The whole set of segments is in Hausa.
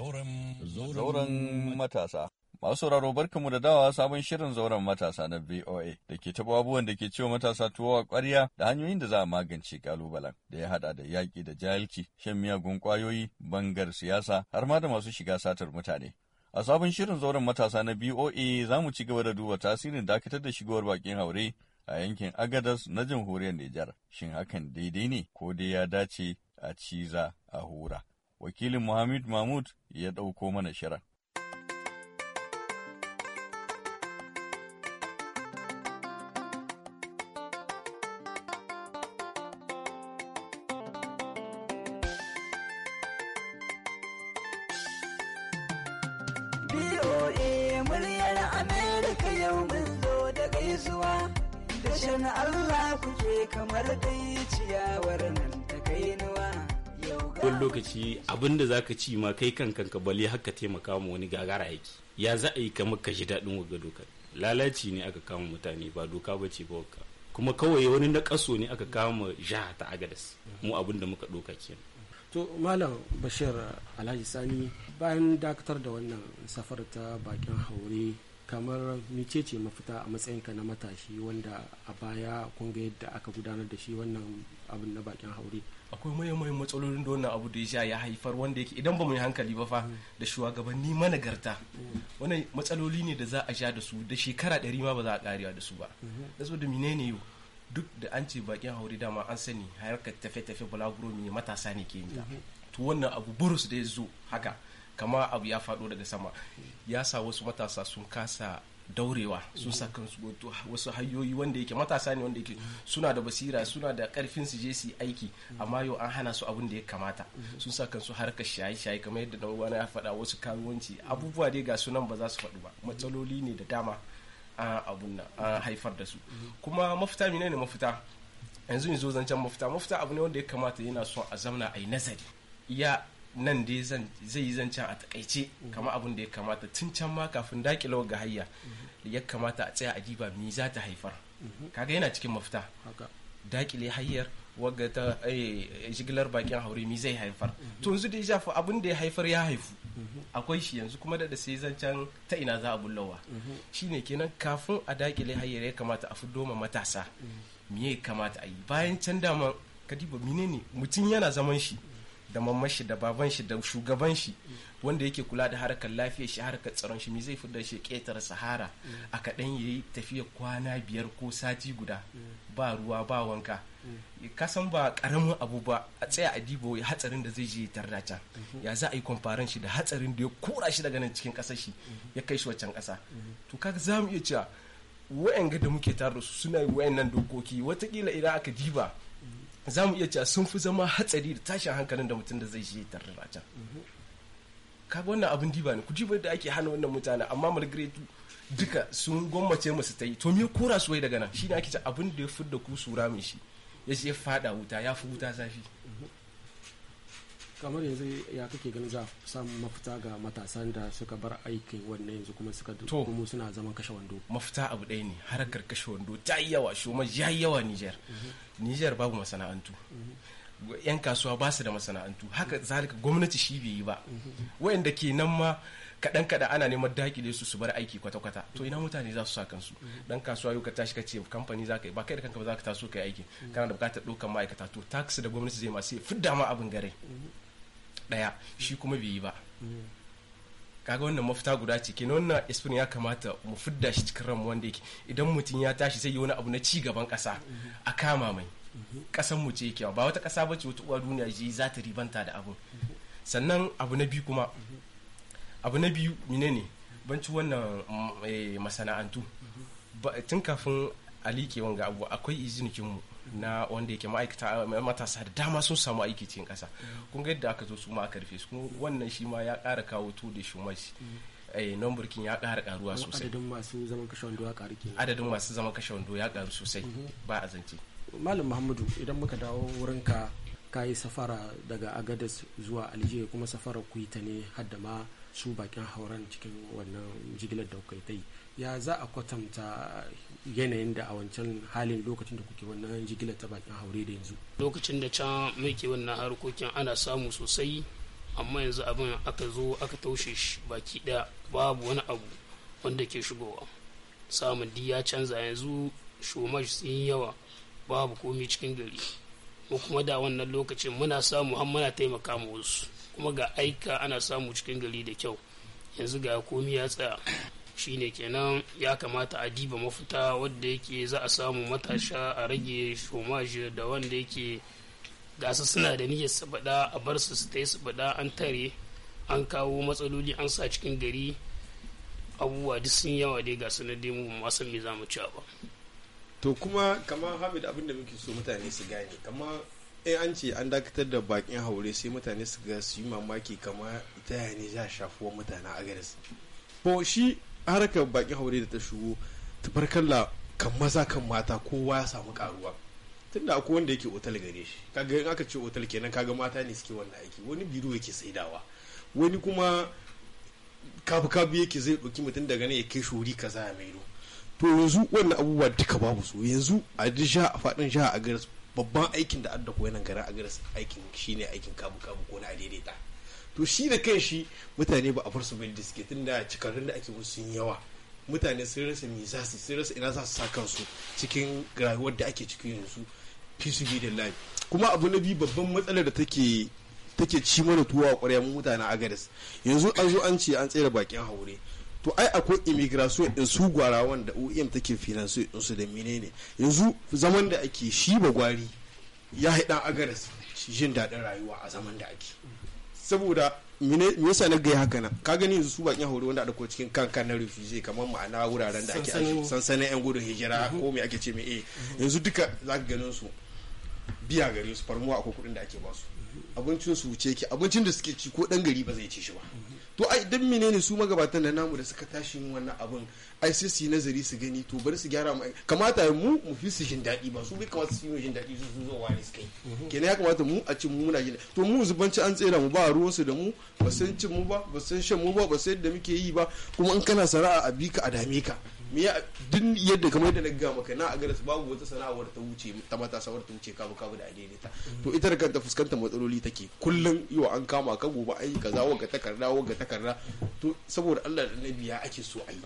Zauren matasa. Masu sauraro barkamu da dawa sabon shirin zauren matasa na VOA da ke taɓa abubuwan da ke cewa matasa tuwo a ƙwarya da hanyoyin da za a magance ƙalubalen da ya haɗa da yaƙi da jahilci, shan miyagun ƙwayoyi, bangar siyasa har ma da masu shiga satar mutane. A sabon shirin zauren matasa na BOA za mu ci gaba da duba tasirin dakatar da shigowar baƙin haure a yankin Agadas na jamhuriyar Nijar. Shin hakan daidai ne ko dai ya dace a ciza a hura? wakilin Muhammad Mahmud ya ɗauko mana shirin. muryar Amerika yau mun da gaisuwa Allah kuke kamar dai ciyawar nan ta kainuwa. wani lokaci abin da zaka ci ma kai kankan ka bali haka taimaka ma wani gagara aiki ya za a yi kamar ka ji daɗin wagga doka lalaci ne aka kama mutane ba doka ba ce ba kuma kawai wani na kaso ne aka kama jiha ta agadas mu abin muka doka kenan to malam bashir alhaji sani bayan dakatar da wannan safar ta bakin haure kamar ce mafita a matsayinka na matashi wanda a baya kun ga yadda aka gudanar da shi wannan abin na bakin haure akwai mayan matsalolin da wannan abu da ya sha ya haifar wanda yake idan ba mu yi hankali ba fa da shugabanni managarta wannan matsaloli ne da za a sha da su da shekara ɗari ma ba za a ƙarewa da su ba da mine menene yau duk da an ce bakin haure dama an sani harkar tafe-tafe bulaguro mai matasa ne ke yi to wannan abu burus da ya zo haka kama abu ya faɗo daga sama ya sa wasu matasa sun kasa daurewa sun sa kansu wasu hanyoyi wanda yake matasa ne wanda yake suna da basira suna da karfin su je su yi aiki amma yau an hana su abin da ya kamata sun sa kansu harkar shaye-shaye kamar yadda na ya faɗa wasu kawuwanci abubuwa dai ga sunan ba za su faɗu ba matsaloli ne da dama abun nan an haifar da su kuma mafita ne mafita yanzu in zo zancen mafita mafita abu ne wanda ya kamata yana son a zamna a yi nazari iya nan dai zai yi zancen a takaice kama abin da ya kamata tun can ma kafin dakilawar ga hayya ya kamata a tsaya a diba me za ta haifar kaga yana cikin mafita dakile hayyar wagga ta eh, jigilar bakin haure mi zai haifar to yanzu dai shafa abin da ya haifar ya haifu akwai shi yanzu kuma da sai zancen ta ina za a Shi ne kenan kafin a dakile hayyar ya kamata a fiddo ma matasa me ya kamata a yi bayan can dama kadiba menene mutum yana zaman shi da mamman shi da baban shi da shugaban shi wanda yake kula da harkar lafiyar shi harkar tsaron shi me zai fi da shi ketar sahara a kaɗan yayi tafiya kwana biyar ko sati guda ba ruwa ba wanka ka san ba karamin abu ba a tsaya a dibo ya hatsarin da zai je tarda ya za a yi kwamfaran shi da hatsarin da ya kura shi daga nan cikin ƙasar shi ya kai shi waccan ƙasa to kaga za mu iya cewa wa'yan da muke tare su suna yi wa'yan nan dokoki watakila idan aka diba za mu iya cewa sun fi zama hatsari da tashin hankalin da mutum da zai shi tare a can kaga wannan abin diba ne ku diba da ake hana wannan mutane amma malgretu duka sun gwammace masu ta yi to me kora su daga nan shi ne ake ci abin da ya da ku sura mai shi ya ce ya fada wuta ya fi wuta zafi kamar yanzu ya kake ganin za samu mafita ga matasan da suka bar aikin wannan yanzu kuma suka kuma suna zaman kashe wando mafita abu ɗaya ne harkar kashe wando ta yi yawa shoma ya yi yawa Nijar mhm. Nijar babu masana'antu mhm. yan kasuwa ba su da masana'antu haka mhm. zalika gwamnati shi bai yi ba wayanda ke nan ma kaɗan kaɗan ana neman dakile su su bar aiki kwata-kwata to ina mutane za su sa kansu dan kasuwa yau ka tashi ka ce kamfani za ka yi ba kai da kanka ba za ka taso ka yi aiki kana da bukatar ɗaukar ma'aikata to tax da gwamnati zai ma sai fidda ma abin gare ɗaya shi kuma bai yi ba mm. kaga wannan mafita guda ce kenan wannan espin ya kamata mu fidda shi cikin ranmu wanda yake idan mutum ya tashi zai yi wani abu na ci gaban kasa mm-hmm. a kama mai mm-hmm. ƙasan mu ce yake ba wata ƙasa ba ce wata uwa duniya ji za ta ribanta da abu mm-hmm. sannan abu na biyu kuma abu na biyu menene banci wannan mm, eh, masana'antu tun kafin Ali ke wanga abu akwai izinikin mu na wanda yake ma'aikata matasa da dama sun samu aiki cikin kasa kun ga yadda aka zo su ma aka rufe su wannan shi ma ya ƙara kawo to da shumashi eh, nan burkin ya ƙara karuwa. sosai adadin masu zaman kashe wando ya ƙaru kenan adadin masu zaman kashe wando ya ƙaru sosai mhm. ba a zance malam muhammadu idan muka dawo wurinka ka yi safara daga agadas zuwa algeria kuma safara ku ta ne har da ma su bakin hauran cikin wannan jigilar da kai ta yi ya za a kwatanta yanayin da a wancan halin lokacin da kuke wannan jigilar ta bakin haure da yanzu lokacin da can muke wannan harkokin ana samu sosai amma yanzu abin aka zo aka taushe shi baki ɗaya babu wani abu wanda ke shigowa samun diya canza yanzu shomaj sun yawa babu komi cikin gari mu kuma da wannan lokacin muna samu har muna taimaka mu wasu kuma ga aika ana samu cikin gari da kyau yanzu ga komi ya tsaya shine kenan ya kamata a diba mafita wadda yake za a samu matasha a rage shomaji da wanda yake gasa suna da niyyar su a bar su su ta su an tare an kawo matsaloli an sa cikin gari abubuwa duk sun yawa dai ga su na dai mu ba san me za mu ci ba to kuma kamar hamid abin da muke so mutane su gane kamar in an ce an dakatar da bakin haure sai mutane su ga su yi mamaki kamar ita ya ne za shafuwa mutane a garis ko shi harkar baƙin haure da ta shigo tabarkalla kan maza kan mata kowa ya samu karuwa tunda akwai wanda yake otal gare shi kaga in aka ce otal kenan kaga mata ne suke wannan aiki wani biro yake saidawa wani kuma kafu kafu yake zai ɗauki mutum daga nan ya kai shuri kaza mai maido to yanzu wannan abubuwa duka babu su yanzu a jiha a faɗin jiha a garas babban aikin da adda koyanan garin a garas aikin shine aikin kabu kabu ko na adaidaita to shi da kai shi mutane ba a farsu bai da tun da cikarrun da ake musu yawa mutane sun rasa me za su sun rasa ina za su sa kansu cikin rayuwar da ake ciki yanzu fi da lami kuma abu na biyu babban matsalar da take take ci mana tuwa a ƙwarya mutane a gadas yanzu an zo an ce an tsere bakin haure to ai akwai immigration in su gwara wanda OEM take finance in su da menene yanzu zaman da ake shi ba gwari ya haɗa agaras jin daɗin rayuwa a zaman da ake saboda me yasa na gaya haka nan ka gani yanzu su bakin hauri wanda da cikin kankan na refugee kamar ma'ana wuraren da ake sansanin yan gudun hijira mhm. ko me ake ce me eh mhm. yanzu duka za ka ganin su biya gare su farmuwa akwai kuɗin da ake ba su mhm. abincin su wuce ki abincin da suke ci ko dan gari ba zai ci shi ba to ai dan menene su magabatan da namu da suka tashi yin wannan abun ai sai su yi nazari su gani to bari su gyara mu kamata mu mu fi su jin daɗi ba su bai kamata su yi jin daɗi su zo wa ne kai mhm. kenan ya kamata mu a cin mu muna jin to mu zubanci an tsira mu ba ruwan su da mu ba san cin mu ba ba san shan mu ba ba san yadda muke yi ba kuma in kana sana'a a bi ka a dame ka duk yadda kamar yadda na ga maka na a su babu wata sana'ar ta wuce ta matasa wadda ta wuce kabu kabu da ta to ita da kanta fuskantar matsaloli take kullum yau an kama ka gobe ayi kaza wa takarda takarda ga takarda to saboda Allah da nabi ya ake so a yi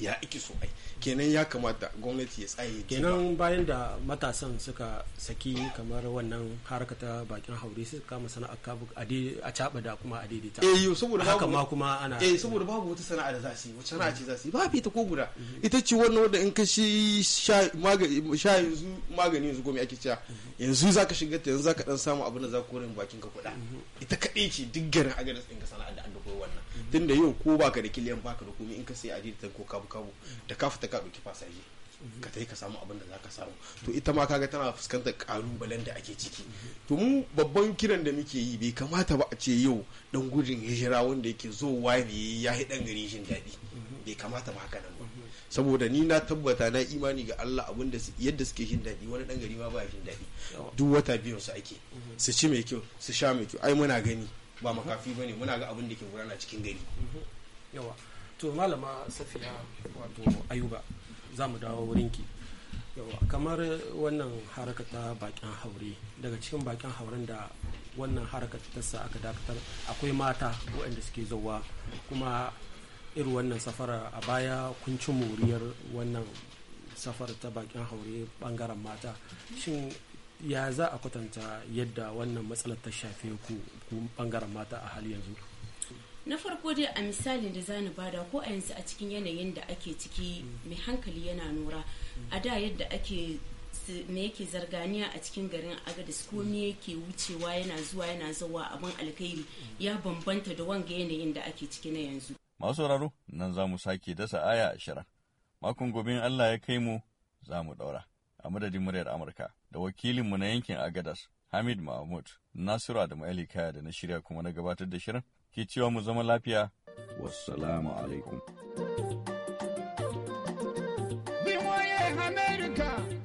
ya iki so ai kenan ya kamata gwamnati ya tsaye kenan bayan da matasan suka saki kamar wannan harka ta bakin haure su kama sana'ar kabu a caba da kuma a daidaita eh yo saboda haka ma kuma ana eh saboda babu wata sana'a da za su yi wata sana'a ce za su yi babu ita ko guda mhm. ita ce wannan wanda in ka shi sha yanzu magani yanzu ko ake cewa mhm. yanzu zaka shiga ta yanzu zaka dan samu abin da za ku rin bakin ka kuɗa mhm. ita kaɗai ce duk garin agadas ɗin ka sana'a da an da wannan tunda yau ko baka da kiliyan baka da komai in ka sai a daidaita ko kabu kawo da ka ta ka ɗauki fasaje ka tai ka samu abin da za ka samu to ita ma kaga tana fuskantar kalubalen da ake ciki to mu babban kiran da muke yi bai kamata ba a ce yau dan gudun hijira wanda yake zowa ne ya yi dan gari shin daɗi bai kamata ba haka nan ba saboda ni na tabbata na imani ga Allah abin da yadda suke shin daɗi wani dan gari ma ba shin daɗi duk wata biyun su ake su ci mai kyau su sha mai kyau ai muna gani ba makafi bane muna ga abin da ke gurana cikin gari yawa to malama safiya wato ayuba za mu dawo wurinki kamar wannan haraka ta bakin haure daga cikin bakin hauren da wannan haraka ta sa aka dakatar akwai mata waɗanda suke zauwa kuma irin wannan safara a baya kun ci moriyar wannan safar ta bakin haure bangaren mata shin ya za a kwatanta yadda wannan matsalar ta shafe ku bangaren mata a hali yanzu na farko dai a misalin da zani bada ko a yanzu a cikin yanayin da ake ciki mai hankali yana nura a da yadda ake me yake zarganiya a cikin garin agadis ko me yake wucewa yana zuwa yana zuwa abin alkhairi ya bambanta da wanga yanayin da ake ciki na yanzu masu sauraro nan za mu sake dasa aya ashirin makon gobe Allah ya kai mu za mu daura a madadin muryar amurka da wakilinmu na yankin agadas Hamid Mahmud, Nasiru Adamu Ali Kaya da na shirya kuma na gabatar da shirin, ke cewa mu zama lafiya. Wassalamu alaikum. America.